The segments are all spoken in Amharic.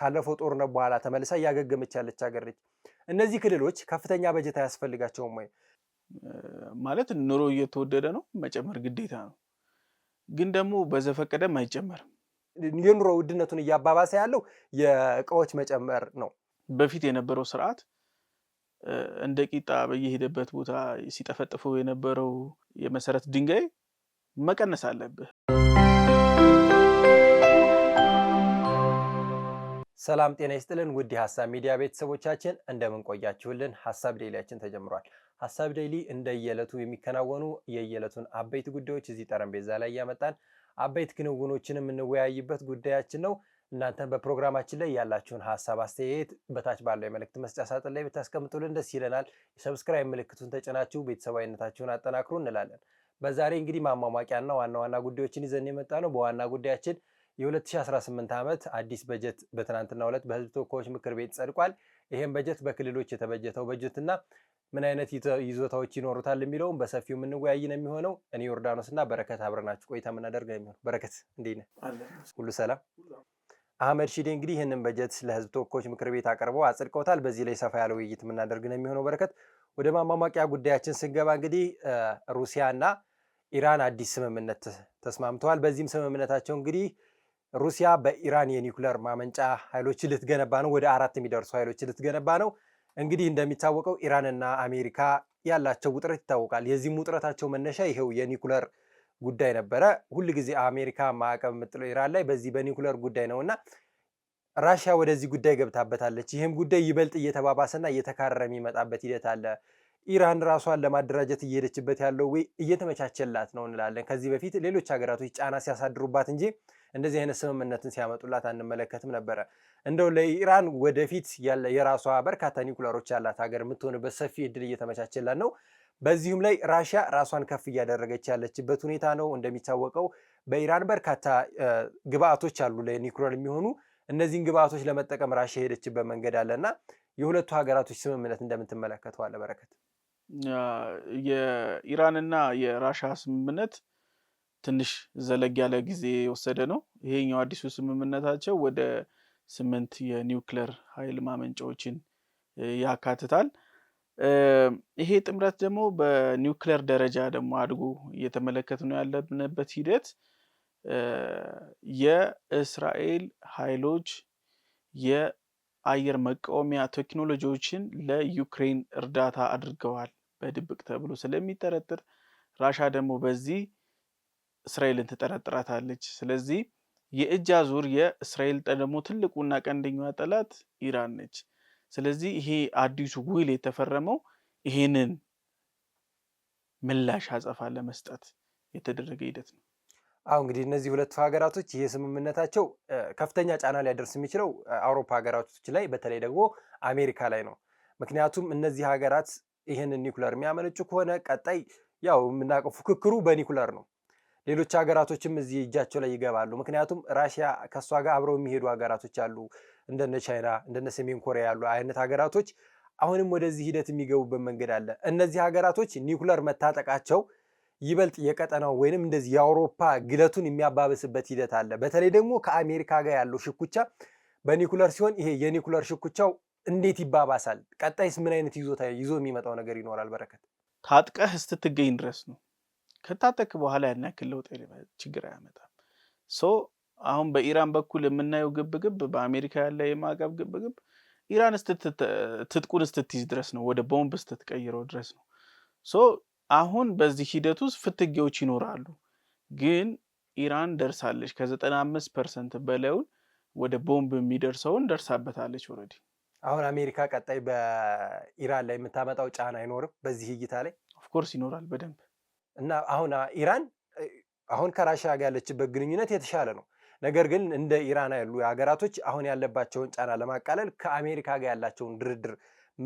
ካለፈው ጦርነት በኋላ ተመልሳ እያገገመች ያለች ሀገር ነች። እነዚህ ክልሎች ከፍተኛ በጀት አያስፈልጋቸውም ወይ? ማለት ኑሮ እየተወደደ ነው፣ መጨመር ግዴታ ነው። ግን ደግሞ በዘፈቀደም አይጨመርም። የኑሮ ውድነቱን እያባባሰ ያለው የእቃዎች መጨመር ነው። በፊት የነበረው ስርዓት እንደ ቂጣ በየሄደበት ቦታ ሲጠፈጥፈው የነበረው የመሰረት ድንጋይ መቀነስ አለብህ። ሰላም ጤና ይስጥልን ውድ የሀሳብ ሚዲያ ቤተሰቦቻችን እንደምን ቆያችሁልን? ሀሳብ ዴይሊያችን ተጀምሯል። ሀሳብ ዴይሊ እንደየዕለቱ የሚከናወኑ የየዕለቱን አበይት ጉዳዮች እዚህ ጠረጴዛ ላይ እያመጣን አበይት ክንውኖችን የምንወያይበት ጉዳያችን ነው። እናንተን በፕሮግራማችን ላይ ያላችሁን ሀሳብ አስተያየት በታች ባለው የመልእክት መስጫ ሳጥን ላይ ብታስቀምጡልን ደስ ይለናል። የሰብስክራይብ ምልክቱን ተጭናችሁ ቤተሰባዊነታችሁን አጠናክሩ እንላለን። በዛሬ እንግዲህ ማሟሟቂያና ዋና ዋና ጉዳዮችን ይዘን የመጣ ነው። በዋና ጉዳያችን የ2018 ዓመት አዲስ በጀት በትናንትናው ዕለት በህዝብ ተወካዮች ምክር ቤት ጸድቋል። ይህም በጀት በክልሎች የተበጀተው በጀትና ምን አይነት ይዞታዎች ይኖሩታል የሚለውም በሰፊው የምንወያይ ነው የሚሆነው። እኔ ዮርዳኖስ በረከት አብረናችሁ ቆይታ የምናደርግ ነው የሚሆነው። በረከት እንዴት ነህ? ሁሉ ሰላም። አህመድ ሺዴ እንግዲህ ይህንን በጀት ለህዝብ ተወካዮች ምክር ቤት አቅርበው አጽድቀውታል። በዚህ ላይ ሰፋ ያለ ውይይት የምናደርግ ነው የሚሆነው። በረከት፣ ወደ ማሟሟቂያ ጉዳያችን ስንገባ እንግዲህ ሩሲያና ኢራን አዲስ ስምምነት ተስማምተዋል። በዚህም ስምምነታቸው እንግዲህ ሩሲያ በኢራን የኒውክለር ማመንጫ ኃይሎች ልትገነባ ነው። ወደ አራት የሚደርሱ ኃይሎች ልትገነባ ነው። እንግዲህ እንደሚታወቀው ኢራንና አሜሪካ ያላቸው ውጥረት ይታወቃል። የዚህም ውጥረታቸው መነሻ ይሄው የኒውክለር ጉዳይ ነበረ። ሁልጊዜ አሜሪካ ማዕቀብ የምጥለው ኢራን ላይ በዚህ በኒውክለር ጉዳይ ነው እና ራሽያ ወደዚህ ጉዳይ ገብታበታለች። ይህም ጉዳይ ይበልጥ እየተባባሰና እየተካረረ የሚመጣበት ሂደት አለ። ኢራን ራሷን ለማደራጀት እየሄደችበት ያለው ወይ እየተመቻቸላት ነው እንላለን። ከዚህ በፊት ሌሎች ሀገራቶች ጫና ሲያሳድሩባት እንጂ እንደዚህ አይነት ስምምነትን ሲያመጡላት አንመለከትም ነበረ። እንደው ለኢራን ወደፊት የራሷ በርካታ ኒውክለሮች ያላት ሀገር የምትሆንበት ሰፊ እድል እየተመቻቸላት ነው። በዚሁም ላይ ራሽያ ራሷን ከፍ እያደረገች ያለችበት ሁኔታ ነው። እንደሚታወቀው በኢራን በርካታ ግብአቶች አሉ ለኒውክለር የሚሆኑ እነዚህን ግብአቶች ለመጠቀም ራሽያ የሄደችበት መንገድ አለና የሁለቱ ሀገራቶች ስምምነት እንደምትመለከተው አለ በረከት የኢራንና የራሻ ስምምነት ትንሽ ዘለግ ያለ ጊዜ የወሰደ ነው። ይሄኛው አዲሱ ስምምነታቸው ወደ ስምንት የኒውክለር ኃይል ማመንጫዎችን ያካትታል። ይሄ ጥምረት ደግሞ በኒውክለር ደረጃ ደግሞ አድጎ እየተመለከት ነው ያለንበት ሂደት የእስራኤል ኃይሎች የአየር መቃወሚያ ቴክኖሎጂዎችን ለዩክሬን እርዳታ አድርገዋል። በድብቅ ተብሎ ስለሚጠረጥር ራሻ ደግሞ በዚህ እስራኤልን ትጠረጥራታለች። ስለዚህ የእጅ አዙር የእስራኤል ደግሞ ትልቁና ቀንደኛዋ ጠላት ኢራን ነች። ስለዚህ ይሄ አዲሱ ውል የተፈረመው ይሄንን ምላሽ አጸፋ ለመስጠት የተደረገ ሂደት ነው። አሁ እንግዲህ እነዚህ ሁለቱ ሀገራቶች ይህ ስምምነታቸው ከፍተኛ ጫና ሊያደርስ የሚችለው አውሮፓ ሀገራቶች ላይ በተለይ ደግሞ አሜሪካ ላይ ነው። ምክንያቱም እነዚህ ሀገራት ይህንን ኒኩለር የሚያመነጩ ከሆነ ቀጣይ ያው የምናውቀው ፉክክሩ በኒኩለር ነው። ሌሎች ሀገራቶችም እዚህ እጃቸው ላይ ይገባሉ። ምክንያቱም ራሽያ ከእሷ ጋር አብረው የሚሄዱ ሀገራቶች አሉ፣ እንደነ ቻይና እንደነ ሰሜን ኮሪያ ያሉ አይነት ሀገራቶች አሁንም ወደዚህ ሂደት የሚገቡበት መንገድ አለ። እነዚህ ሀገራቶች ኒኩለር መታጠቃቸው ይበልጥ የቀጠናው ወይንም እንደዚህ የአውሮፓ ግለቱን የሚያባብስበት ሂደት አለ። በተለይ ደግሞ ከአሜሪካ ጋር ያለው ሽኩቻ በኒኩለር ሲሆን ይሄ የኒኩለር ሽኩቻው እንዴት ይባባሳል? ቀጣይስ ምን አይነት ይዞታ ይዞ የሚመጣው ነገር ይኖራል? በረከት ታጥቀህ እስትትገኝ ድረስ ነው። ከታጠቅ በኋላ ያን ያክል ለውጥ ችግር አያመጣም። ሶ አሁን በኢራን በኩል የምናየው ግብግብ፣ በአሜሪካ ያለ የማዕቀብ ግብግብ ኢራን ትጥቁን እስትትይዝ ድረስ ነው፣ ወደ ቦምብ ስትትቀይረው ድረስ ነው። ሶ አሁን በዚህ ሂደት ውስጥ ፍትጌዎች ይኖራሉ። ግን ኢራን ደርሳለች ከዘጠና አምስት ፐርሰንት በላዩን ወደ ቦምብ የሚደርሰውን ደርሳበታለች ኦልሬዲ አሁን አሜሪካ ቀጣይ በኢራን ላይ የምታመጣው ጫና አይኖርም በዚህ እይታ ላይ? ኦፍኮርስ ይኖራል በደንብ እና አሁን ኢራን አሁን ከራሻ ጋር ያለችበት ግንኙነት የተሻለ ነው። ነገር ግን እንደ ኢራን ያሉ ሀገራቶች አሁን ያለባቸውን ጫና ለማቃለል ከአሜሪካ ጋር ያላቸውን ድርድር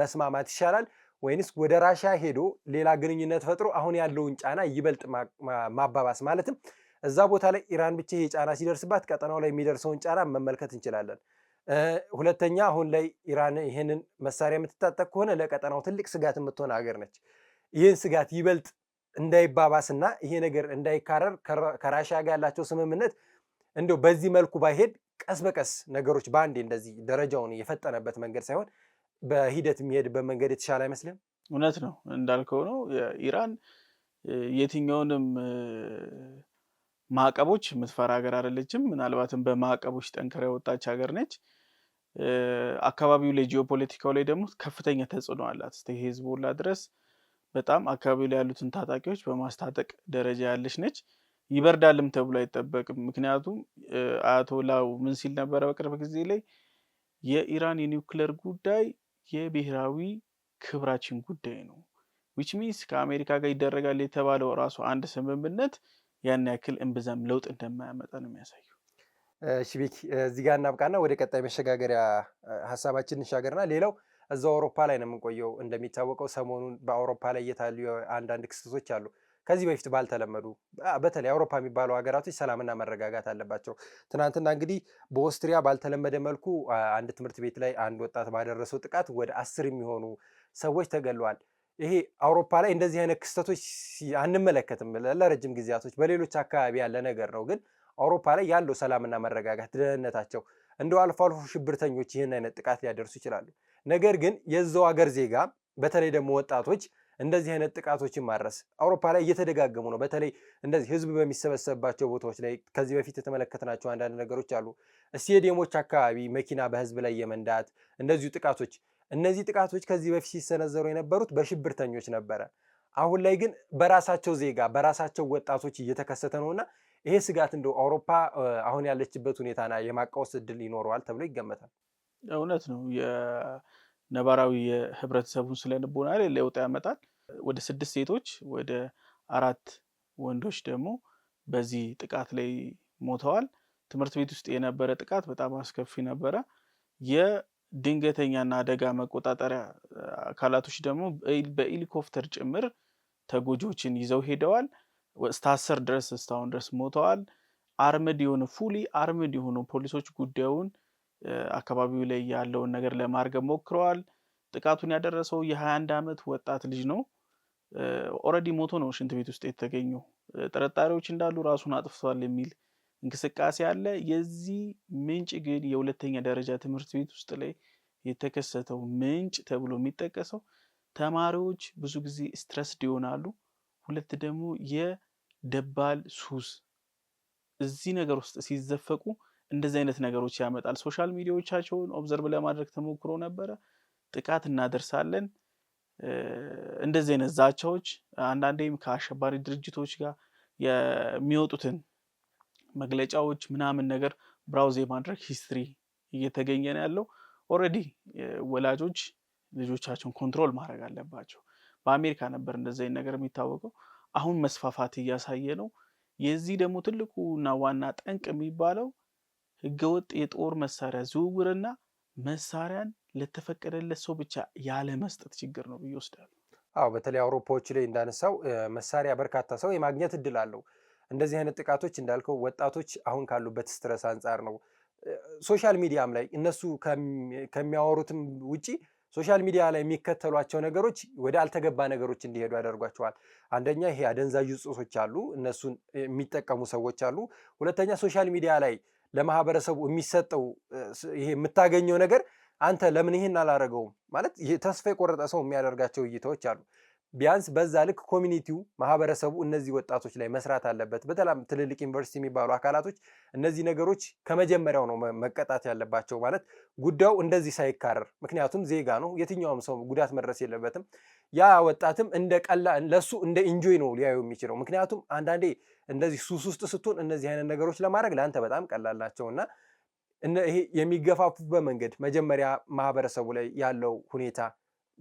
መስማማት ይሻላል ወይንስ ወደ ራሻ ሄዶ ሌላ ግንኙነት ፈጥሮ አሁን ያለውን ጫና ይበልጥ ማባባስ ማለትም እዛ ቦታ ላይ ኢራን ብቻ ይሄ ጫና ሲደርስባት ቀጠናው ላይ የሚደርሰውን ጫና መመልከት እንችላለን። ሁለተኛ አሁን ላይ ኢራን ይህንን መሳሪያ የምትታጠቅ ከሆነ ለቀጠናው ትልቅ ስጋት የምትሆን ሀገር ነች። ይህን ስጋት ይበልጥ እንዳይባባስና ይሄ ነገር እንዳይካረር ከራሻ ጋር ያላቸው ስምምነት እንዲያው በዚህ መልኩ ባይሄድ ቀስ በቀስ ነገሮች በአንዴ እንደዚህ ደረጃውን የፈጠነበት መንገድ ሳይሆን በሂደት የሚሄድበት መንገድ የተሻለ አይመስልም። እውነት ነው እንዳልከው ነው። ኢራን የትኛውንም ማዕቀቦች የምትፈራ ሀገር አይደለችም። ምናልባትም በማዕቀቦች ጠንክራ የወጣች ሀገር ነች። አካባቢው ላይ ጂኦፖለቲካው ላይ ደግሞ ከፍተኛ ተጽዕኖ አላት። እስከ ሄዝቦላ ድረስ በጣም አካባቢው ላይ ያሉትን ታጣቂዎች በማስታጠቅ ደረጃ ያለች ነች። ይበርዳልም ተብሎ አይጠበቅም። ምክንያቱም አያቶላው ምን ሲል ነበረ በቅርብ ጊዜ ላይ የኢራን የኒውክለር ጉዳይ የብሔራዊ ክብራችን ጉዳይ ነው ዊች ሚንስ ከአሜሪካ ጋር ይደረጋል የተባለው ራሱ አንድ ስምምነት ያን ያክል እምብዛም ለውጥ እንደማያመጣ ነው የሚያሳይ እሺ ቤኪ እዚህ ጋር እናብቃና ወደ ቀጣይ መሸጋገሪያ ሀሳባችን እንሻገርና ሌላው እዛው አውሮፓ ላይ ነው የምንቆየው። እንደሚታወቀው ሰሞኑን በአውሮፓ ላይ እየታዩ አንዳንድ ክስተቶች አሉ። ከዚህ በፊት ባልተለመዱ በተለይ አውሮፓ የሚባሉ ሀገራቶች ሰላምና መረጋጋት አለባቸው። ትናንትና እንግዲህ በኦስትሪያ ባልተለመደ መልኩ አንድ ትምህርት ቤት ላይ አንድ ወጣት ባደረሰው ጥቃት ወደ አስር የሚሆኑ ሰዎች ተገለዋል። ይሄ አውሮፓ ላይ እንደዚህ አይነት ክስተቶች አንመለከትም ለረጅም ጊዜያቶች፣ በሌሎች አካባቢ ያለ ነገር ነው ግን አውሮፓ ላይ ያለው ሰላምና መረጋጋት፣ ደህንነታቸው እንደው አልፎ አልፎ ሽብርተኞች ይህን አይነት ጥቃት ሊያደርሱ ይችላሉ። ነገር ግን የዛው ሀገር ዜጋ በተለይ ደግሞ ወጣቶች እንደዚህ አይነት ጥቃቶችን ማድረስ አውሮፓ ላይ እየተደጋገሙ ነው። በተለይ እንደዚህ ህዝብ በሚሰበሰብባቸው ቦታዎች ላይ ከዚህ በፊት የተመለከትናቸው አንዳንድ ነገሮች አሉ። ስቴዲየሞች አካባቢ መኪና በህዝብ ላይ የመንዳት እንደዚሁ ጥቃቶች። እነዚህ ጥቃቶች ከዚህ በፊት ሲሰነዘሩ የነበሩት በሽብርተኞች ነበረ። አሁን ላይ ግን በራሳቸው ዜጋ በራሳቸው ወጣቶች እየተከሰተ ነውና ይሄ ስጋት እንደው አውሮፓ አሁን ያለችበት ሁኔታና የማቃወስ እድል ይኖረዋል ተብሎ ይገመታል። እውነት ነው። የነባራዊ የህብረተሰቡን ስለንቦና ላይ ለውጥ ያመጣል። ወደ ስድስት ሴቶች ወደ አራት ወንዶች ደግሞ በዚህ ጥቃት ላይ ሞተዋል። ትምህርት ቤት ውስጥ የነበረ ጥቃት በጣም አስከፊ ነበረ። የድንገተኛና አደጋ መቆጣጠሪያ አካላቶች ደግሞ በሄሊኮፕተር ጭምር ተጎጂዎችን ይዘው ሄደዋል። እስከ አስር ድረስ እስካሁን ድረስ ሞተዋል። አርምድ የሆኑ ፉሊ አርምድ የሆኑ ፖሊሶች ጉዳዩን አካባቢው ላይ ያለውን ነገር ለማርገብ ሞክረዋል። ጥቃቱን ያደረሰው የ21 ዓመት ወጣት ልጅ ነው። ኦልሬዲ ሞቶ ነው ሽንት ቤት ውስጥ የተገኘው። ጠረጣሪዎች እንዳሉ ራሱን አጥፍቷል የሚል እንቅስቃሴ አለ። የዚህ ምንጭ ግን የሁለተኛ ደረጃ ትምህርት ቤት ውስጥ ላይ የተከሰተው ምንጭ ተብሎ የሚጠቀሰው ተማሪዎች ብዙ ጊዜ ስትረስድ ይሆናሉ። ሁለት ደግሞ ደባል ሱስ እዚህ ነገር ውስጥ ሲዘፈቁ እንደዚህ አይነት ነገሮች ያመጣል። ሶሻል ሚዲያዎቻቸውን ኦብዘርቭ ለማድረግ ተሞክሮ ነበረ። ጥቃት እናደርሳለን እንደዚህ አይነት ዛቻዎች አንዳንዴም ከአሸባሪ ድርጅቶች ጋር የሚወጡትን መግለጫዎች ምናምን ነገር ብራውዝ የማድረግ ሂስትሪ እየተገኘ ነው ያለው። ኦልሬዲ ወላጆች ልጆቻቸውን ኮንትሮል ማድረግ አለባቸው። በአሜሪካ ነበር እንደዚህ አይነት ነገር የሚታወቀው። አሁን መስፋፋት እያሳየ ነው። የዚህ ደግሞ ትልቁና ዋና ጠንቅ የሚባለው ህገወጥ የጦር መሳሪያ ዝውውርና መሳሪያን ለተፈቀደለት ሰው ብቻ ያለ መስጠት ችግር ነው ብዬ ወስዳለሁ። አዎ በተለይ አውሮፓዎች ላይ እንዳነሳው መሳሪያ በርካታ ሰው የማግኘት እድል አለው። እንደዚህ አይነት ጥቃቶች እንዳልከው ወጣቶች አሁን ካሉበት ስትረስ አንጻር ነው። ሶሻል ሚዲያም ላይ እነሱ ከሚያወሩትም ውጪ ሶሻል ሚዲያ ላይ የሚከተሏቸው ነገሮች ወደ አልተገባ ነገሮች እንዲሄዱ ያደርጓቸዋል። አንደኛ ይሄ አደንዛዥ እጾች አሉ፣ እነሱን የሚጠቀሙ ሰዎች አሉ። ሁለተኛ ሶሻል ሚዲያ ላይ ለማህበረሰቡ የሚሰጠው ይሄ የምታገኘው ነገር አንተ ለምን ይህን አላደረገውም ማለት ተስፋ የቆረጠ ሰው የሚያደርጋቸው እይታዎች አሉ። ቢያንስ በዛ ልክ ኮሚኒቲው ማህበረሰቡ እነዚህ ወጣቶች ላይ መስራት አለበት። በተላም ትልልቅ ዩኒቨርሲቲ የሚባሉ አካላቶች እነዚህ ነገሮች ከመጀመሪያው ነው መቀጣት ያለባቸው። ማለት ጉዳዩ እንደዚህ ሳይካረር፣ ምክንያቱም ዜጋ ነው፣ የትኛውም ሰው ጉዳት መድረስ የለበትም። ያ ወጣትም እንደ ቀላ ለሱ እንደ ኢንጆይ ነው ሊያዩ የሚችለው። ምክንያቱም አንዳንዴ እንደዚህ ሱስ ውስጥ ስትሆን እነዚህ አይነት ነገሮች ለማድረግ ለአንተ በጣም ቀላል ናቸው እና ይሄ የሚገፋፉበት መንገድ መጀመሪያ ማህበረሰቡ ላይ ያለው ሁኔታ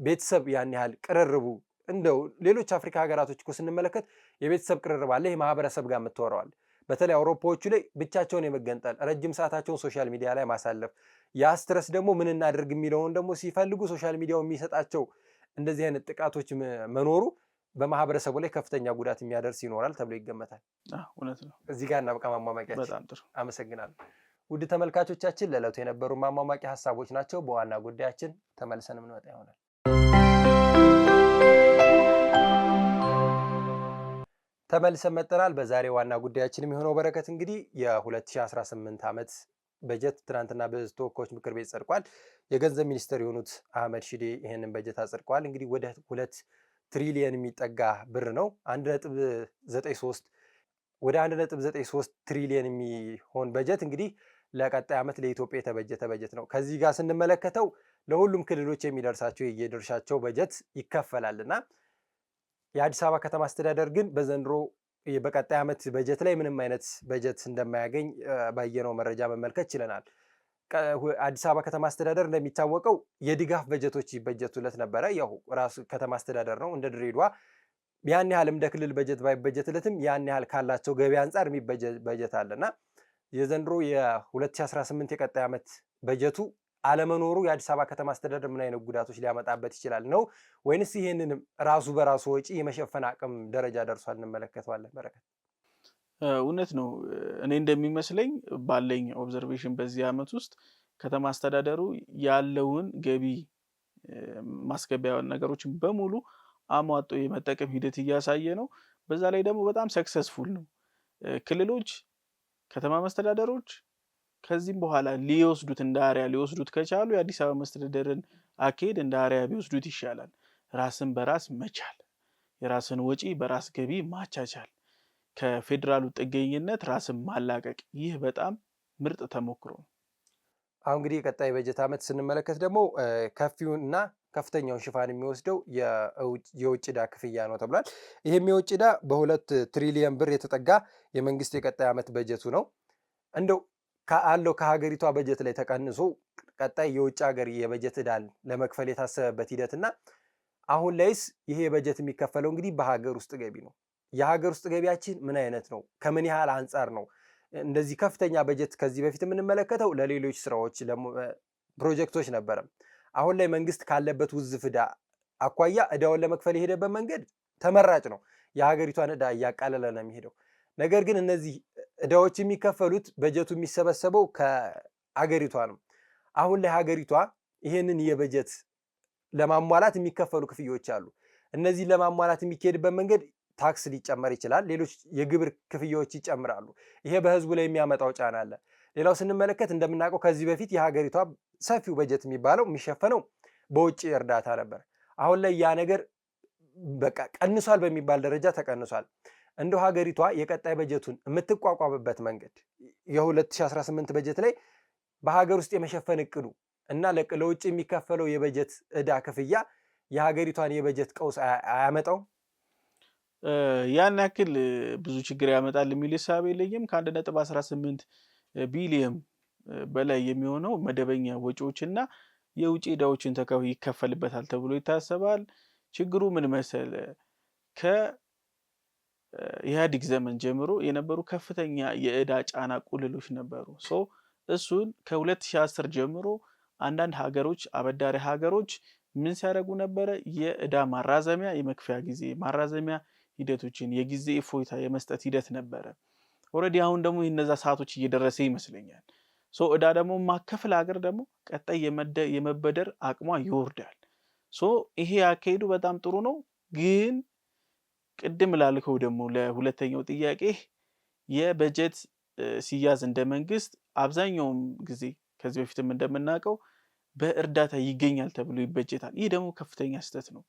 ቤተሰብ ያን ያህል ቅርርቡ እንደው ሌሎች አፍሪካ ሀገራቶች እኮ ስንመለከት የቤተሰብ ቅርርብ አለ። ይህ ማህበረሰብ ጋር የምትወረዋል። በተለይ አውሮፓዎቹ ላይ ብቻቸውን የመገንጠል ረጅም ሰዓታቸውን ሶሻል ሚዲያ ላይ ማሳለፍ፣ ያ ስትረስ ደግሞ ምን እናድርግ የሚለውን ደግሞ ሲፈልጉ ሶሻል ሚዲያው የሚሰጣቸው እንደዚህ አይነት ጥቃቶች መኖሩ በማህበረሰቡ ላይ ከፍተኛ ጉዳት የሚያደርስ ይኖራል ተብሎ ይገመታል። እውነት ነው። እዚህ ጋር እናብቃ። ማሟማቂያችን አመሰግናለሁ። ውድ ተመልካቾቻችን ለዕለቱ የነበሩ ማሟማቂያ ሀሳቦች ናቸው። በዋና ጉዳያችን ተመልሰን የምንመጣ ይሆናል። ተመልሰን መጠናል። በዛሬ ዋና ጉዳያችንም የሆነው በረከት እንግዲህ የ2018 ዓመት በጀት ትናንትና በተወካዮች ምክር ቤት ጸድቋል። የገንዘብ ሚኒስትር የሆኑት አህመድ ሺዴ ይህንን በጀት አጽድቀዋል። እንግዲህ ወደ ሁለት ትሪሊየን የሚጠጋ ብር ነው። አንድ ነጥብ ዘጠኝ ሶስት ወደ አንድ ነጥብ ዘጠኝ ሶስት ትሪሊየን የሚሆን በጀት እንግዲህ ለቀጣይ ዓመት ለኢትዮጵያ የተበጀተ በጀት ነው። ከዚህ ጋር ስንመለከተው ለሁሉም ክልሎች የሚደርሳቸው የየድርሻቸው በጀት ይከፈላልና የአዲስ አበባ ከተማ አስተዳደር ግን በዘንድሮ በቀጣይ ዓመት በጀት ላይ ምንም አይነት በጀት እንደማያገኝ ባየነው መረጃ መመልከት ችለናል። አዲስ አበባ ከተማ አስተዳደር እንደሚታወቀው የድጋፍ በጀቶች ይበጀቱለት ነበረ። ያው ራሱ ከተማ አስተዳደር ነው እንደ ድሬዷ ያን ያህል እንደ ክልል በጀት ባይበጀትለትም ያን ያህል ካላቸው ገቢ አንጻር የሚበጀት በጀት እና የዘንድሮ የ2018 የቀጣይ ዓመት በጀቱ አለመኖሩ የአዲስ አበባ ከተማ አስተዳደር ምን አይነት ጉዳቶች ሊያመጣበት ይችላል ነው ወይንስ ይህንን ራሱ በራሱ ወጪ የመሸፈን አቅም ደረጃ ደርሷል? እንመለከተዋለን። በረከት እውነት ነው። እኔ እንደሚመስለኝ ባለኝ ኦብዘርቬሽን በዚህ ዓመት ውስጥ ከተማ አስተዳደሩ ያለውን ገቢ ማስገቢያ ነገሮችን በሙሉ አሟጦ የመጠቀም ሂደት እያሳየ ነው። በዛ ላይ ደግሞ በጣም ሰክሰስፉል ነው። ክልሎች፣ ከተማ መስተዳደሮች ከዚህም በኋላ ሊወስዱት እንደ አርያ ሊወስዱት ከቻሉ የአዲስ አበባ መስተዳደርን አካሄድ እንደ አርያ ቢወስዱት ይሻላል። ራስን በራስ መቻል፣ የራስን ወጪ በራስ ገቢ ማቻቻል፣ ከፌዴራሉ ጥገኝነት ራስን ማላቀቅ፣ ይህ በጣም ምርጥ ተሞክሮ ነው። አሁን እንግዲህ የቀጣይ በጀት ዓመት ስንመለከት ደግሞ ከፊውና ከፍተኛውን ሽፋን የሚወስደው የውጭ ዕዳ ክፍያ ነው ተብሏል። ይህም የውጭ ዕዳ በሁለት ትሪሊየን ብር የተጠጋ የመንግስት የቀጣይ ዓመት በጀቱ ነው። እንደው አለው ከሀገሪቷ በጀት ላይ ተቀንሶ ቀጣይ የውጭ ሀገር የበጀት ዕዳን ለመክፈል የታሰበበት እና አሁን ላይስ ይሄ በጀት የሚከፈለው እንግዲህ በሀገር ውስጥ ገቢ ነው። የሀገር ውስጥ ገቢያችን ምን አይነት ነው? ከምን ያህል አንጻር ነው? እንደዚህ ከፍተኛ በጀት ከዚህ በፊት የምንመለከተው ለሌሎች ስራዎች ፕሮጀክቶች ነበረ። አሁን ላይ መንግስት ካለበት ውዝፍ ዕዳ አኳያ ዕዳውን ለመክፈል የሄደበት መንገድ ተመራጭ ነው። የሀገሪቷን ዕዳ እያቃለለ ነው የሚሄደው። ነገር ግን እነዚህ እዳዎች የሚከፈሉት በጀቱ የሚሰበሰበው ከአገሪቷ ነው። አሁን ላይ ሀገሪቷ ይህንን የበጀት ለማሟላት የሚከፈሉ ክፍያዎች አሉ። እነዚህ ለማሟላት የሚካሄድበት መንገድ ታክስ ሊጨመር ይችላል። ሌሎች የግብር ክፍያዎች ይጨምራሉ። ይሄ በህዝቡ ላይ የሚያመጣው ጫና አለ። ሌላው ስንመለከት እንደምናውቀው ከዚህ በፊት የሀገሪቷ ሰፊው በጀት የሚባለው የሚሸፈነው በውጭ እርዳታ ነበር። አሁን ላይ ያ ነገር በቃ ቀንሷል፣ በሚባል ደረጃ ተቀንሷል። እንደው ሀገሪቷ የቀጣይ በጀቱን የምትቋቋምበት መንገድ የ2018 በጀት ላይ በሀገር ውስጥ የመሸፈን እቅዱ እና ለውጭ የሚከፈለው የበጀት እዳ ክፍያ የሀገሪቷን የበጀት ቀውስ አያመጣው ያን ያክል ብዙ ችግር ያመጣል የሚል ሂሳብ የለኝም። ከአንድ ነጥብ 18 ቢሊየን በላይ የሚሆነው መደበኛ ወጪዎችና የውጭ ዕዳዎችን ይከፈልበታል ተብሎ ይታሰባል። ችግሩ ምን መሰለ ከ ኢህአዲግ ዘመን ጀምሮ የነበሩ ከፍተኛ የእዳ ጫና ቁልሎች ነበሩ። እሱን ከ2010 ጀምሮ አንዳንድ ሀገሮች አበዳሪ ሀገሮች ምን ሲያደርጉ ነበረ? የእዳ ማራዘሚያ የመክፈያ ጊዜ ማራዘሚያ ሂደቶችን የጊዜ እፎይታ የመስጠት ሂደት ነበረ። ኦልሬዲ አሁን ደግሞ የነዛ ሰዓቶች እየደረሰ ይመስለኛል። ሶ እዳ ደግሞ ማከፍል ሀገር ደግሞ ቀጣይ የመበደር አቅሟ ይወርዳል። ሶ ይሄ ያካሄዱ በጣም ጥሩ ነው ግን ቅድም ላልከው ደግሞ ለሁለተኛው ጥያቄ የበጀት ሲያዝ እንደ መንግስት አብዛኛውም ጊዜ ከዚህ በፊትም እንደምናውቀው በእርዳታ ይገኛል ተብሎ ይበጀታል። ይህ ደግሞ ከፍተኛ ስህተት ነው።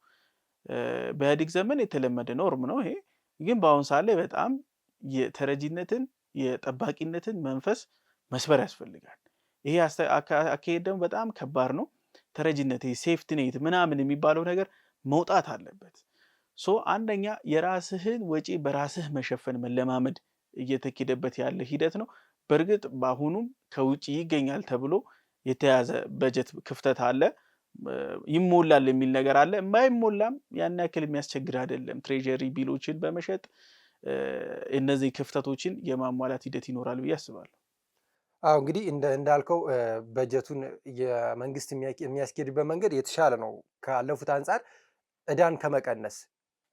በኢህአዴግ ዘመን የተለመደ ኖርም ነው ይሄ። ግን በአሁን ሰዓት ላይ በጣም የተረጂነትን የጠባቂነትን መንፈስ መስበር ያስፈልጋል። ይሄ አካሄድ ደግሞ በጣም ከባድ ነው። ተረጂነት ሴፍትኔት ምናምን የሚባለው ነገር መውጣት አለበት። ሶ አንደኛ የራስህን ወጪ በራስህ መሸፈን መለማመድ እየተኬደበት ያለ ሂደት ነው። በእርግጥ በአሁኑም ከውጭ ይገኛል ተብሎ የተያዘ በጀት ክፍተት አለ፣ ይሞላል የሚል ነገር አለ። ማይሞላም ያን ያክል የሚያስቸግር አይደለም። ትሬጀሪ ቢሎችን በመሸጥ እነዚህ ክፍተቶችን የማሟላት ሂደት ይኖራል ብዬ አስባለሁ። አዎ እንግዲህ እንዳልከው በጀቱን የመንግስት የሚያስኬድበት መንገድ የተሻለ ነው ካለፉት አንጻር እዳን ከመቀነስ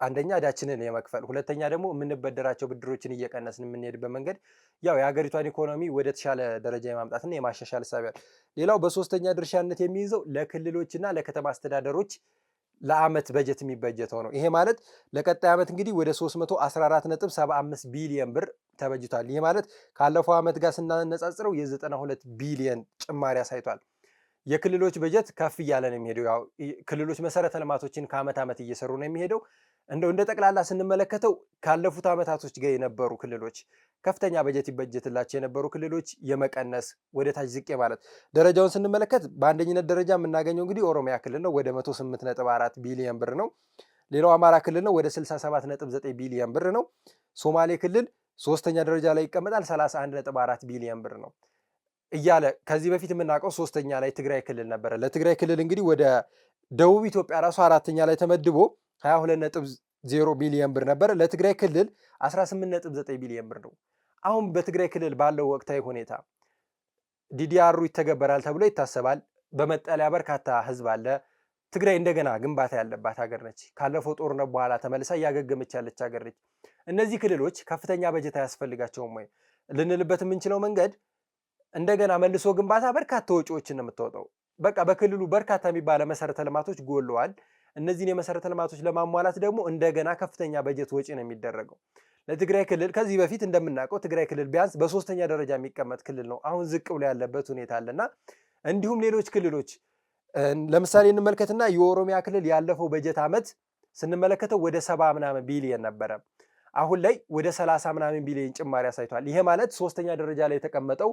አንደኛ እዳችንን የመክፈል ሁለተኛ ደግሞ የምንበደራቸው ብድሮችን እየቀነስን የምንሄድበት መንገድ ያው የሀገሪቷን ኢኮኖሚ ወደ ተሻለ ደረጃ የማምጣትና የማሻሻል ሳቢያል። ሌላው በሶስተኛ ድርሻነት የሚይዘው ለክልሎችና ለከተማ አስተዳደሮች ለአመት በጀት የሚበጀተው ነው። ይሄ ማለት ለቀጣይ ዓመት እንግዲህ ወደ 314.75 ቢሊየን ብር ተበጅቷል። ይሄ ማለት ካለፈው ዓመት ጋር ስናነጻጽረው የ92 ቢሊየን ጭማሪ አሳይቷል። የክልሎች በጀት ከፍ እያለ ነው የሚሄደው። ያው ክልሎች መሰረተ ልማቶችን ከአመት ዓመት እየሰሩ ነው የሚሄደው እንደው እንደ ጠቅላላ ስንመለከተው ካለፉት ዓመታቶች ጋር የነበሩ ክልሎች ከፍተኛ በጀት ይበጀትላቸው የነበሩ ክልሎች የመቀነስ ወደ ታች ዝቄ ማለት ደረጃውን ስንመለከት በአንደኝነት ደረጃ የምናገኘው እንግዲህ ኦሮሚያ ክልል ነው፣ ወደ 108.4 ቢሊየን ብር ነው። ሌላው አማራ ክልል ነው፣ ወደ 67.9 ቢሊየን ብር ነው። ሶማሌ ክልል ሶስተኛ ደረጃ ላይ ይቀመጣል፣ 31.4 ቢሊዮን ብር ነው እያለ ከዚህ በፊት የምናውቀው ሶስተኛ ላይ ትግራይ ክልል ነበረ። ለትግራይ ክልል እንግዲህ ወደ ደቡብ ኢትዮጵያ ራሱ አራተኛ ላይ ተመድቦ 22.0 ቢሊዮን ብር ነበር። ለትግራይ ክልል 18.9 ቢሊዮን ብር ነው። አሁን በትግራይ ክልል ባለው ወቅታዊ ሁኔታ ዲዲአሩ ይተገበራል ተብሎ ይታሰባል። በመጠለያ በርካታ ህዝብ አለ። ትግራይ እንደገና ግንባታ ያለባት ሀገር ነች። ካለፈው ጦርነት በኋላ ተመልሳ እያገገመች ያለች ሀገር ነች። እነዚህ ክልሎች ከፍተኛ በጀት አያስፈልጋቸውም ወይ ልንልበት የምንችለው መንገድ እንደገና መልሶ ግንባታ በርካታ ወጪዎችን ነው የምታወጣው። በቃ በክልሉ በርካታ የሚባለ መሰረተ ልማቶች ጎለዋል። እነዚህን የመሰረተ ልማቶች ለማሟላት ደግሞ እንደገና ከፍተኛ በጀት ወጪ ነው የሚደረገው። ለትግራይ ክልል ከዚህ በፊት እንደምናውቀው ትግራይ ክልል ቢያንስ በሶስተኛ ደረጃ የሚቀመጥ ክልል ነው። አሁን ዝቅ ብሎ ያለበት ሁኔታ አለና እንዲሁም ሌሎች ክልሎች ለምሳሌ እንመልከትና የኦሮሚያ ክልል ያለፈው በጀት ዓመት ስንመለከተው ወደ ሰባ ምናምን ቢሊየን ነበረ። አሁን ላይ ወደ ሰላሳ ምናምን ቢሊየን ጭማሪ አሳይቷል። ይሄ ማለት ሶስተኛ ደረጃ ላይ የተቀመጠው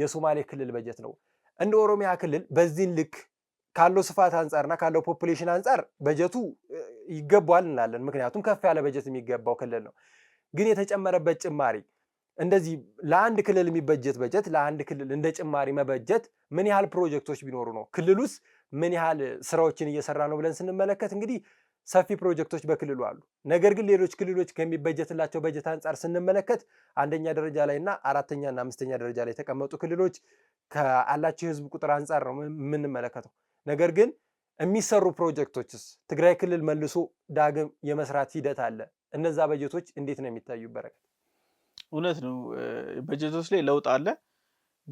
የሶማሌ ክልል በጀት ነው። እንደ ኦሮሚያ ክልል በዚህን ልክ ካለው ስፋት አንጻርና ካለው ፖፕሌሽን አንጻር በጀቱ ይገባዋል እንላለን። ምክንያቱም ከፍ ያለ በጀት የሚገባው ክልል ነው። ግን የተጨመረበት ጭማሪ እንደዚህ ለአንድ ክልል የሚበጀት በጀት ለአንድ ክልል እንደ ጭማሪ መበጀት ምን ያህል ፕሮጀክቶች ቢኖሩ ነው ክልሉስ ምን ያህል ስራዎችን እየሰራ ነው ብለን ስንመለከት እንግዲህ ሰፊ ፕሮጀክቶች በክልሉ አሉ። ነገር ግን ሌሎች ክልሎች ከሚበጀትላቸው በጀት አንጻር ስንመለከት አንደኛ ደረጃ ላይ እና እና አምስተኛ ደረጃ ላይ የተቀመጡ ክልሎች ከአላቸው የህዝብ ቁጥር አንጻር ነው የምንመለከተው። ነገር ግን የሚሰሩ ፕሮጀክቶችስ ትግራይ ክልል መልሶ ዳግም የመስራት ሂደት አለ። እነዛ በጀቶች እንዴት ነው የሚታዩ? በረከት እውነት ነው፣ በጀቶች ላይ ለውጥ አለ።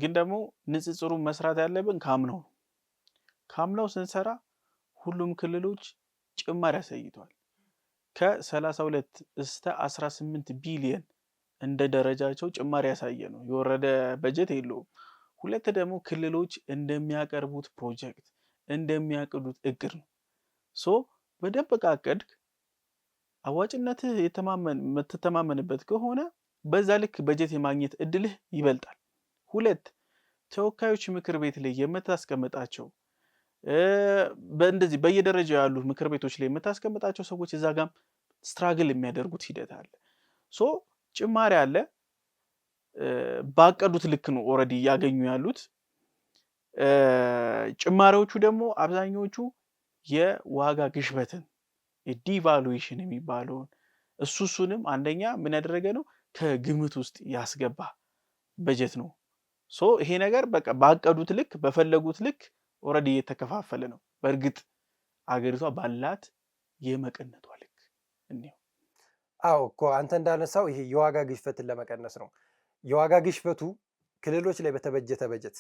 ግን ደግሞ ንጽጽሩ መስራት ያለብን ካምናው ነው። ካምናው ስንሰራ ሁሉም ክልሎች ጭማሪ አሳይተዋል። ከ32 እስከ 18 ቢሊየን እንደ ደረጃቸው ጭማሪ ያሳየ ነው። የወረደ በጀት የለውም። ሁለት ደግሞ ክልሎች እንደሚያቀርቡት ፕሮጀክት እንደሚያቅዱት እቅድ ነው። ሶ በደንብ ካቀድክ አዋጭነትህ የምትተማመንበት ከሆነ በዛ ልክ በጀት የማግኘት እድልህ ይበልጣል። ሁለት ተወካዮች ምክር ቤት ላይ የምታስቀምጣቸው እንደዚህ በየደረጃው ያሉ ምክር ቤቶች ላይ የምታስቀምጣቸው ሰዎች እዛ ጋም ስትራግል የሚያደርጉት ሂደት አለ። ሶ ጭማሪ አለ። ባቀዱት ልክ ነው ኦልሬዲ እያገኙ ያሉት ጭማሪዎቹ ደግሞ አብዛኞቹ የዋጋ ግሽበትን ዲቫሉዌሽን የሚባለውን እሱ እሱንም አንደኛ ምን ያደረገ ነው ከግምት ውስጥ ያስገባ በጀት ነው። ሶ ይሄ ነገር በቃ ባቀዱት ልክ በፈለጉት ልክ ኦልሬዲ እየተከፋፈለ ነው። በእርግጥ አገሪቷ ባላት የመቀነቷ ልክ እንዲያው አዎ እኮ አንተ እንዳነሳው ይሄ የዋጋ ግሽበትን ለመቀነስ ነው። የዋጋ ግሽበቱ ክልሎች ላይ በተበጀተ በጀት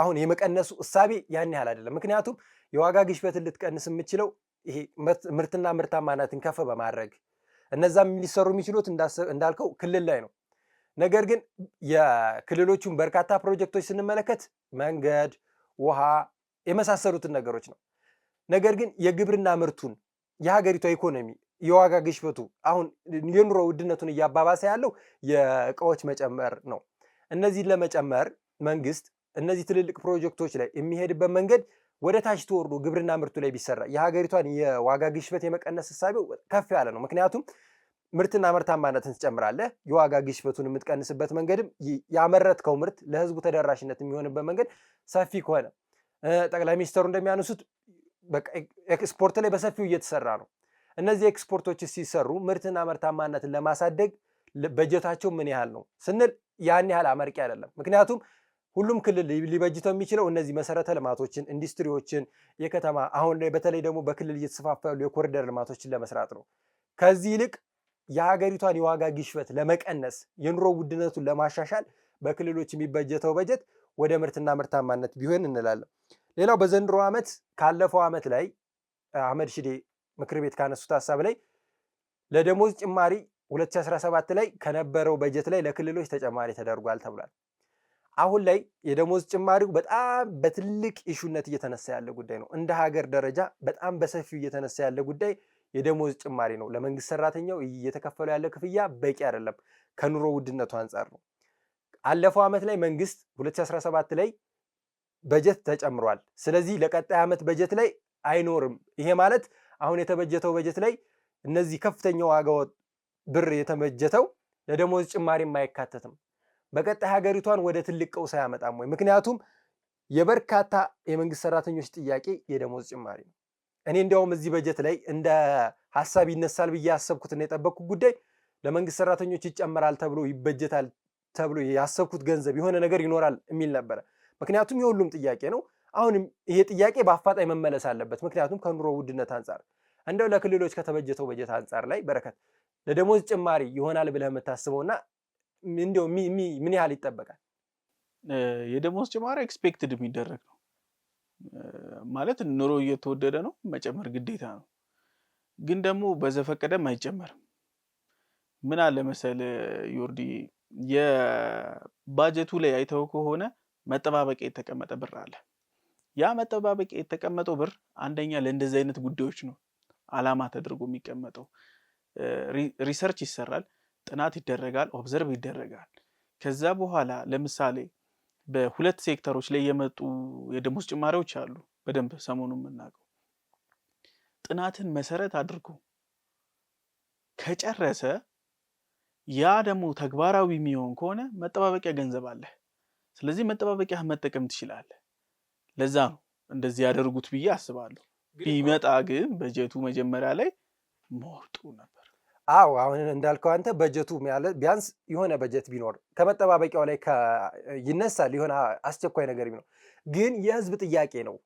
አሁን የመቀነሱ እሳቤ ያን ያህል አይደለም። ምክንያቱም የዋጋ ግሽበትን ልትቀንስ የምችለው ይሄ ምርትና ምርታማነትን ከፍ በማድረግ እነዛም ሊሰሩ የሚችሉት እንዳልከው ክልል ላይ ነው። ነገር ግን የክልሎቹን በርካታ ፕሮጀክቶች ስንመለከት መንገድ፣ ውሃ የመሳሰሉትን ነገሮች ነው። ነገር ግን የግብርና ምርቱን የሀገሪቷ ኢኮኖሚ የዋጋ ግሽበቱ አሁን የኑሮ ውድነቱን እያባባሰ ያለው የእቃዎች መጨመር ነው። እነዚህን ለመጨመር መንግስት እነዚህ ትልልቅ ፕሮጀክቶች ላይ የሚሄድበት መንገድ ወደ ታች ተወርዶ ግብርና ምርቱ ላይ ቢሰራ የሀገሪቷን የዋጋ ግሽበት የመቀነስ ሳቢው ከፍ ያለ ነው። ምክንያቱም ምርትና ምርታማነትን ትጨምራለህ። የዋጋ ግሽበቱን የምትቀንስበት መንገድም ያመረትከው ምርት ለህዝቡ ተደራሽነት የሚሆንበት መንገድ ሰፊ ከሆነ ጠቅላይ ሚኒስትሩ እንደሚያነሱት ኤክስፖርት ላይ በሰፊው እየተሰራ ነው። እነዚህ ኤክስፖርቶች ሲሰሩ ምርትና ምርታማነትን ለማሳደግ በጀታቸው ምን ያህል ነው ስንል ያን ያህል አመርቂ አይደለም። ምክንያቱም ሁሉም ክልል ሊበጅተው የሚችለው እነዚህ መሰረተ ልማቶችን፣ ኢንዱስትሪዎችን፣ የከተማ አሁን ላይ በተለይ ደግሞ በክልል እየተስፋፋ ያሉ የኮሪደር ልማቶችን ለመስራት ነው። ከዚህ ይልቅ የሀገሪቷን የዋጋ ግሽበት ለመቀነስ የኑሮ ውድነቱን ለማሻሻል በክልሎች የሚበጀተው በጀት ወደ ምርትና ምርታማነት ቢሆን እንላለን። ሌላው በዘንድሮ ዓመት ካለፈው ዓመት ላይ አህመድ ሽዴ ምክር ቤት ካነሱት ሀሳብ ላይ ለደሞዝ ጭማሪ 2017 ላይ ከነበረው በጀት ላይ ለክልሎች ተጨማሪ ተደርጓል ተብሏል። አሁን ላይ የደሞዝ ጭማሪው በጣም በትልቅ ኢሹነት እየተነሳ ያለ ጉዳይ ነው። እንደ ሀገር ደረጃ በጣም በሰፊው እየተነሳ ያለ ጉዳይ የደሞዝ ጭማሪ ነው። ለመንግስት ሰራተኛው እየተከፈለ ያለ ክፍያ በቂ አይደለም፣ ከኑሮ ውድነቱ አንጻር ነው። አለፈው ዓመት ላይ መንግስት 2017 ላይ በጀት ተጨምሯል። ስለዚህ ለቀጣይ ዓመት በጀት ላይ አይኖርም። ይሄ ማለት አሁን የተበጀተው በጀት ላይ እነዚህ ከፍተኛ ዋጋ ብር የተበጀተው ለደሞዝ ጭማሪም አይካተትም። በቀጣይ ሀገሪቷን ወደ ትልቅ ቀውስ አያመጣም ወይ? ምክንያቱም የበርካታ የመንግስት ሰራተኞች ጥያቄ የደሞዝ ጭማሪ ነው። እኔ እንዲያውም እዚህ በጀት ላይ እንደ ሀሳብ ይነሳል ብዬ ያሰብኩትና የጠበቅኩት ጉዳይ ለመንግስት ሰራተኞች ይጨመራል ተብሎ ይበጀታል ተብሎ ያሰብኩት ገንዘብ የሆነ ነገር ይኖራል የሚል ነበረ። ምክንያቱም የሁሉም ጥያቄ ነው። አሁንም ይሄ ጥያቄ በአፋጣኝ መመለስ አለበት። ምክንያቱም ከኑሮ ውድነት አንጻር እንደው ለክልሎች ከተበጀተው በጀት አንጻር ላይ በረከት ለደሞዝ ጭማሪ ይሆናል ብለህ የምታስበውና እንዲያው ምን ያህል ይጠበቃል? የደሞዝ ጭማሪ ኤክስፔክትድ የሚደረግ ነው ማለት ኑሮ እየተወደደ ነው፣ መጨመር ግዴታ ነው። ግን ደግሞ በዘፈቀደም አይጨመርም። ምን አለ መሰል ዮርዲ፣ የባጀቱ ላይ አይተው ከሆነ መጠባበቂያ የተቀመጠ ብር አለ። ያ መጠባበቂያ የተቀመጠው ብር አንደኛ ለእንደዚህ አይነት ጉዳዮች ነው አላማ ተደርጎ የሚቀመጠው። ሪሰርች ይሰራል። ጥናት ይደረጋል፣ ኦብዘርቭ ይደረጋል። ከዛ በኋላ ለምሳሌ በሁለት ሴክተሮች ላይ የመጡ የደሞዝ ጭማሪዎች አሉ። በደንብ ሰሞኑ የምናውቀው ጥናትን መሰረት አድርጎ ከጨረሰ ያ ደግሞ ተግባራዊ የሚሆን ከሆነ መጠባበቂያ ገንዘብ አለ። ስለዚህ መጠባበቂያ መጠቀም ትችላለህ። ለዛ ነው እንደዚህ ያደርጉት ብዬ አስባለሁ። ቢመጣ ግን በጀቱ መጀመሪያ ላይ መርጡ ነበር። አዎ አሁን እንዳልከው አንተ በጀቱ ቢያንስ የሆነ በጀት ቢኖር ከመጠባበቂያው ላይ ይነሳል፣ የሆነ አስቸኳይ ነገር ቢኖር ግን የህዝብ ጥያቄ ነው።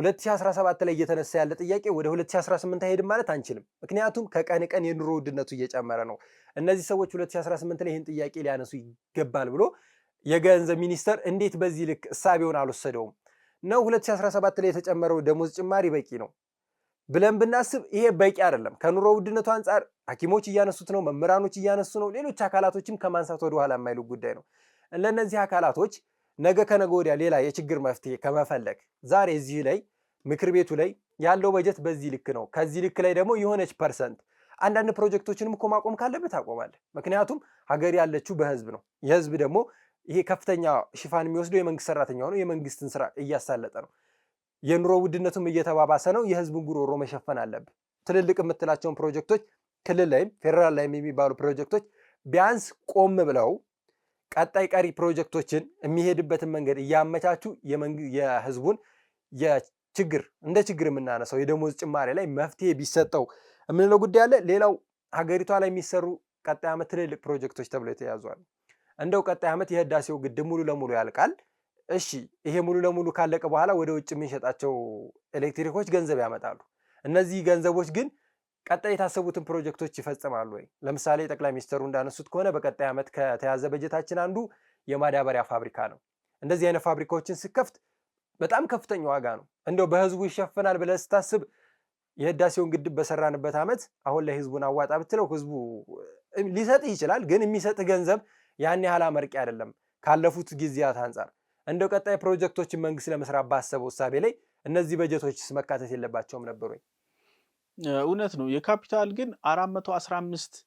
2017 ላይ እየተነሳ ያለ ጥያቄ ወደ 2018 አይሄድም ማለት አንችልም። ምክንያቱም ከቀን ቀን የኑሮ ውድነቱ እየጨመረ ነው። እነዚህ ሰዎች 2018 ላይ ይህን ጥያቄ ሊያነሱ ይገባል ብሎ የገንዘብ ሚኒስተር እንዴት በዚህ ልክ እሳቤውን አልወሰደውም ነው? 2017 ላይ የተጨመረው ደሞዝ ጭማሪ በቂ ነው? ብለን ብናስብ ይሄ በቂ አይደለም። ከኑሮ ውድነቱ አንጻር ሐኪሞች እያነሱት ነው፣ መምህራኖች እያነሱ ነው፣ ሌሎች አካላቶችም ከማንሳት ወደኋላ የማይሉ ጉዳይ ነው። ለእነዚህ አካላቶች ነገ ከነገ ወዲያ ሌላ የችግር መፍትሄ ከመፈለግ ዛሬ እዚህ ላይ ምክር ቤቱ ላይ ያለው በጀት በዚህ ልክ ነው፣ ከዚህ ልክ ላይ ደግሞ የሆነች ፐርሰንት አንዳንድ ፕሮጀክቶችንም እኮ ማቆም ካለበት አቆማለ። ምክንያቱም ሀገር ያለችው በህዝብ ነው። የህዝብ ደግሞ ይሄ ከፍተኛ ሽፋን የሚወስደው የመንግስት ሰራተኛ ሆኖ የመንግስትን ስራ እያሳለጠ ነው። የኑሮ ውድነቱም እየተባባሰ ነው። የህዝቡን ጉሮሮ መሸፈን አለብ ትልልቅ የምትላቸውን ፕሮጀክቶች ክልል ላይም ፌዴራል ላይም የሚባሉ ፕሮጀክቶች ቢያንስ ቆም ብለው ቀጣይ ቀሪ ፕሮጀክቶችን የሚሄድበትን መንገድ እያመቻቹ የህዝቡን የችግር እንደ ችግር የምናነሳው የደሞዝ ጭማሪ ላይ መፍትሄ ቢሰጠው የምንለው ጉዳይ አለ። ሌላው ሀገሪቷ ላይ የሚሰሩ ቀጣይ ዓመት ትልልቅ ፕሮጀክቶች ተብሎ የተያዟል። እንደው ቀጣይ ዓመት የህዳሴው ግድብ ሙሉ ለሙሉ ያልቃል። እሺ ይሄ ሙሉ ለሙሉ ካለቀ በኋላ ወደ ውጭ የምንሸጣቸው ኤሌክትሪኮች ገንዘብ ያመጣሉ። እነዚህ ገንዘቦች ግን ቀጣይ የታሰቡትን ፕሮጀክቶች ይፈጽማሉ ወይ? ለምሳሌ ጠቅላይ ሚኒስትሩ እንዳነሱት ከሆነ በቀጣይ ዓመት ከተያዘ በጀታችን አንዱ የማዳበሪያ ፋብሪካ ነው። እንደዚህ አይነት ፋብሪካዎችን ስከፍት በጣም ከፍተኛ ዋጋ ነው። እንደው በህዝቡ ይሸፈናል ብለህ ስታስብ የህዳሴውን ግድብ በሰራንበት ዓመት አሁን ላይ ህዝቡን አዋጣ ብትለው ህዝቡ ሊሰጥ ይችላል፣ ግን የሚሰጥ ገንዘብ ያን ያህል አመርቂ አይደለም ካለፉት ጊዜያት አንጻር እንደው ቀጣይ ፕሮጀክቶችን መንግስት ለመስራት ባሰበው እሳቤ ላይ እነዚህ በጀቶችስ መካተት የለባቸውም ነበሩ? እውነት ነው። የካፒታል ግን 415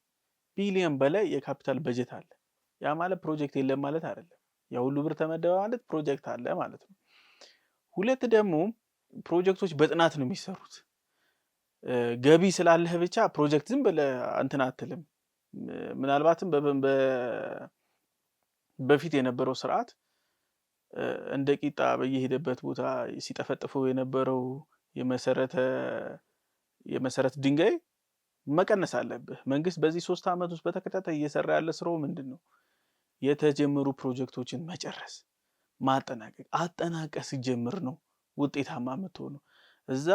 ቢሊዮን በላይ የካፒታል በጀት አለ። ያ ማለት ፕሮጀክት የለም ማለት አይደለም። የሁሉ ብር ተመደበ ማለት ፕሮጀክት አለ ማለት ነው። ሁለት ደግሞ ፕሮጀክቶች በጥናት ነው የሚሰሩት። ገቢ ስላለህ ብቻ ፕሮጀክት ዝም ብለህ እንትን አትልም። ምናልባትም በፊት የነበረው ስርዓት እንደ ቂጣ በየሄደበት ቦታ ሲጠፈጥፈው የነበረው የመሰረተ የመሰረት ድንጋይ መቀነስ አለብህ። መንግስት በዚህ ሶስት ዓመት ውስጥ በተከታታይ እየሰራ ያለ ስራው ምንድን ነው? የተጀመሩ ፕሮጀክቶችን መጨረስ፣ ማጠናቀቅ። አጠናቀ ሲጀምር ነው ውጤታማ የምትሆነው። እዛ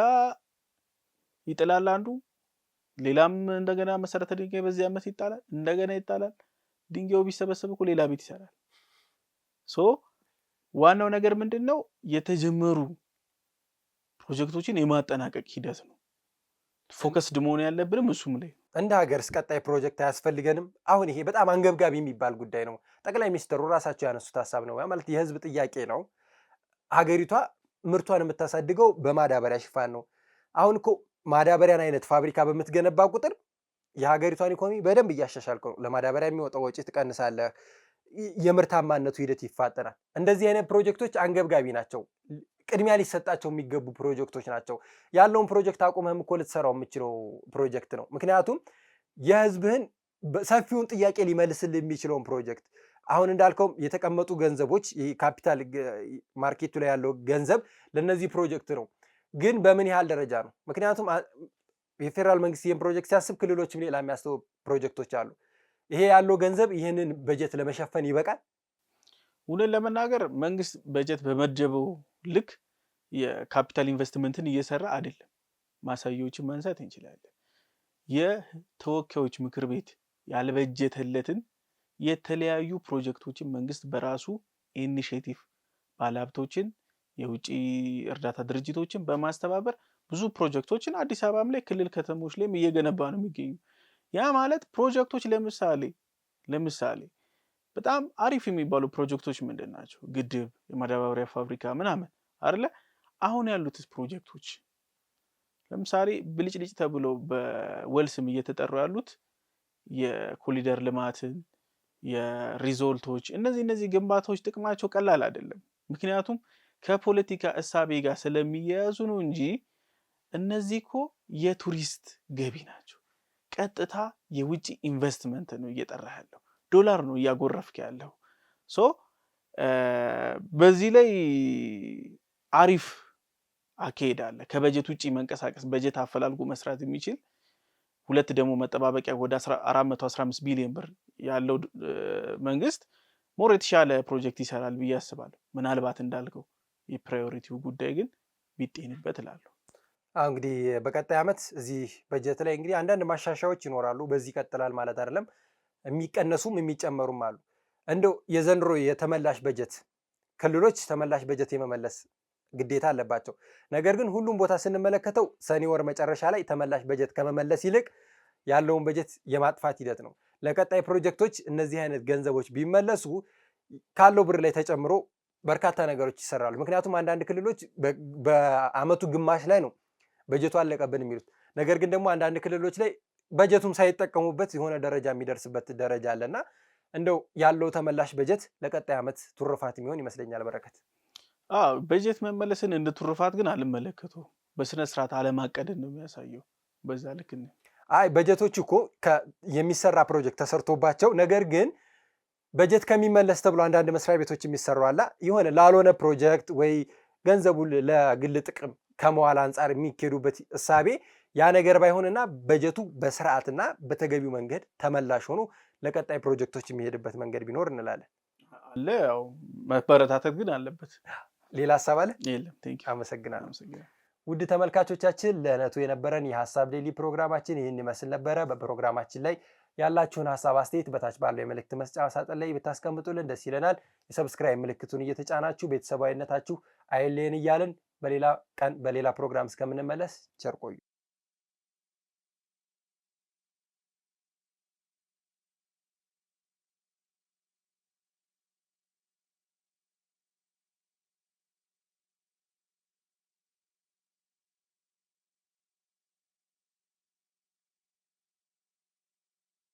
ይጥላል አንዱ፣ ሌላም እንደገና መሰረተ ድንጋይ በዚህ ዓመት ይጣላል፣ እንደገና ይጣላል። ድንጋዩ ቢሰበሰብ እኮ ሌላ ቤት ይሰራል። ዋናው ነገር ምንድን ነው? የተጀመሩ ፕሮጀክቶችን የማጠናቀቅ ሂደት ነው። ፎከስድ መሆን ያለብንም እሱም ላይ እንደ ሀገርስ ቀጣይ ፕሮጀክት አያስፈልገንም? አሁን ይሄ በጣም አንገብጋቢ የሚባል ጉዳይ ነው። ጠቅላይ ሚኒስትሩ ራሳቸው ያነሱት ሀሳብ ነው፣ ማለት የህዝብ ጥያቄ ነው። ሀገሪቷ ምርቷን የምታሳድገው በማዳበሪያ ሽፋን ነው። አሁን እኮ ማዳበሪያን አይነት ፋብሪካ በምትገነባ ቁጥር የሀገሪቷን ኢኮኖሚ በደንብ እያሻሻልክ ነው። ለማዳበሪያ የሚወጣው ወጪ ትቀንሳለህ። የምርታማነቱ ሂደት ይፋጠናል። እንደዚህ አይነት ፕሮጀክቶች አንገብጋቢ ናቸው። ቅድሚያ ሊሰጣቸው የሚገቡ ፕሮጀክቶች ናቸው። ያለውን ፕሮጀክት አቁመህም እኮ ልትሰራው የምችለው ፕሮጀክት ነው። ምክንያቱም የህዝብህን ሰፊውን ጥያቄ ሊመልስልህ የሚችለውን ፕሮጀክት አሁን እንዳልከውም የተቀመጡ ገንዘቦች ካፒታል ማርኬቱ ላይ ያለው ገንዘብ ለእነዚህ ፕሮጀክት ነው። ግን በምን ያህል ደረጃ ነው? ምክንያቱም የፌዴራል መንግስት ይህን ፕሮጀክት ሲያስብ ክልሎችም ሌላ የሚያስቡ ፕሮጀክቶች አሉ። ይሄ ያለው ገንዘብ ይህንን በጀት ለመሸፈን ይበቃል? እውነት ለመናገር መንግስት በጀት በመደበው ልክ የካፒታል ኢንቨስትመንትን እየሰራ አይደለም። ማሳያዎችን ማንሳት እንችላለን። የተወካዮች ምክር ቤት ያልበጀተለትን የተለያዩ ፕሮጀክቶችን መንግስት በራሱ ኢኒሽቲቭ ባለሀብቶችን፣ የውጭ እርዳታ ድርጅቶችን በማስተባበር ብዙ ፕሮጀክቶችን አዲስ አበባም ላይ ክልል ከተሞች ላይም እየገነባ ነው የሚገኙ ያ ማለት ፕሮጀክቶች ለምሳሌ ለምሳሌ በጣም አሪፍ የሚባሉ ፕሮጀክቶች ምንድን ናቸው? ግድብ፣ የማዳበሪያ ፋብሪካ ምናምን አይደለ? አሁን ያሉትስ ፕሮጀክቶች ለምሳሌ ብልጭልጭ ተብሎ በወልስም እየተጠሩ ያሉት የኮሊደር ልማትን የሪዞልቶች እነዚህ እነዚህ ግንባታዎች ጥቅማቸው ቀላል አይደለም። ምክንያቱም ከፖለቲካ እሳቤ ጋር ስለሚያያዙ ነው እንጂ እነዚህ እኮ የቱሪስት ገቢ ናቸው። ቀጥታ የውጭ ኢንቨስትመንት ነው እየጠራ ያለው ዶላር ነው እያጎረፍክ ያለው። ሶ በዚህ ላይ አሪፍ አካሄድ አለ። ከበጀት ውጭ መንቀሳቀስ በጀት አፈላልጎ መስራት የሚችል ሁለት ደግሞ መጠባበቂያ ወደ 415 ቢሊዮን ብር ያለው መንግስት ሞር የተሻለ ፕሮጀክት ይሰራል ብዬ አስባለሁ። ምናልባት እንዳልከው የፕራዮሪቲው ጉዳይ ግን ቢጤንበት እላለሁ። አሁን እንግዲህ በቀጣይ ዓመት እዚህ በጀት ላይ እንግዲህ አንዳንድ ማሻሻዎች ይኖራሉ። በዚህ ይቀጥላል ማለት አይደለም። የሚቀነሱም የሚጨመሩም አሉ። እንደው የዘንድሮ የተመላሽ በጀት ክልሎች ተመላሽ በጀት የመመለስ ግዴታ አለባቸው። ነገር ግን ሁሉም ቦታ ስንመለከተው ሰኔ ወር መጨረሻ ላይ ተመላሽ በጀት ከመመለስ ይልቅ ያለውን በጀት የማጥፋት ሂደት ነው። ለቀጣይ ፕሮጀክቶች እነዚህ አይነት ገንዘቦች ቢመለሱ ካለው ብር ላይ ተጨምሮ በርካታ ነገሮች ይሰራሉ። ምክንያቱም አንዳንድ ክልሎች በአመቱ ግማሽ ላይ ነው በጀቱ አለቀብን የሚሉት ነገር ግን ደግሞ አንዳንድ ክልሎች ላይ በጀቱም ሳይጠቀሙበት የሆነ ደረጃ የሚደርስበት ደረጃ አለና እንደው ያለው ተመላሽ በጀት ለቀጣይ ዓመት ቱርፋት የሚሆን ይመስለኛል። በረከት በጀት መመለስን እንደ ቱርፋት ግን አልመለከቱ። በስነ ስርዓት አለማቀድን ነው የሚያሳየው። በዛ ልክ አይ በጀቶች እኮ የሚሰራ ፕሮጀክት ተሰርቶባቸው ነገር ግን በጀት ከሚመለስ ተብሎ አንዳንድ መስሪያ ቤቶች የሚሰሩ አላ የሆነ ላልሆነ ፕሮጀክት ወይ ገንዘቡ ለግል ጥቅም ከመዋል አንጻር የሚኬዱበት እሳቤ ያ ነገር ባይሆንና በጀቱ በስርዓትና በተገቢው መንገድ ተመላሽ ሆኖ ለቀጣይ ፕሮጀክቶች የሚሄድበት መንገድ ቢኖር እንላለን። አለ ያው መበረታተት ግን አለበት። ሌላ ሀሳብ አለ? የለም። አመሰግናለሁ። ውድ ተመልካቾቻችን ለእነቱ የነበረን የሀሳብ ዴሊ ፕሮግራማችን ይህን ይመስል ነበረ። በፕሮግራማችን ላይ ያላችሁን ሀሳብ አስተያየት በታች ባለው የመልእክት መስጫ ሳጥን ላይ ብታስቀምጡልን ደስ ይለናል። የሰብስክራይብ ምልክቱን እየተጫናችሁ ቤተሰባዊነታችሁ አይለየን እያልን በሌላ ቀን በሌላ ፕሮግራም እስከምንመለስ ቸር ቆዩ።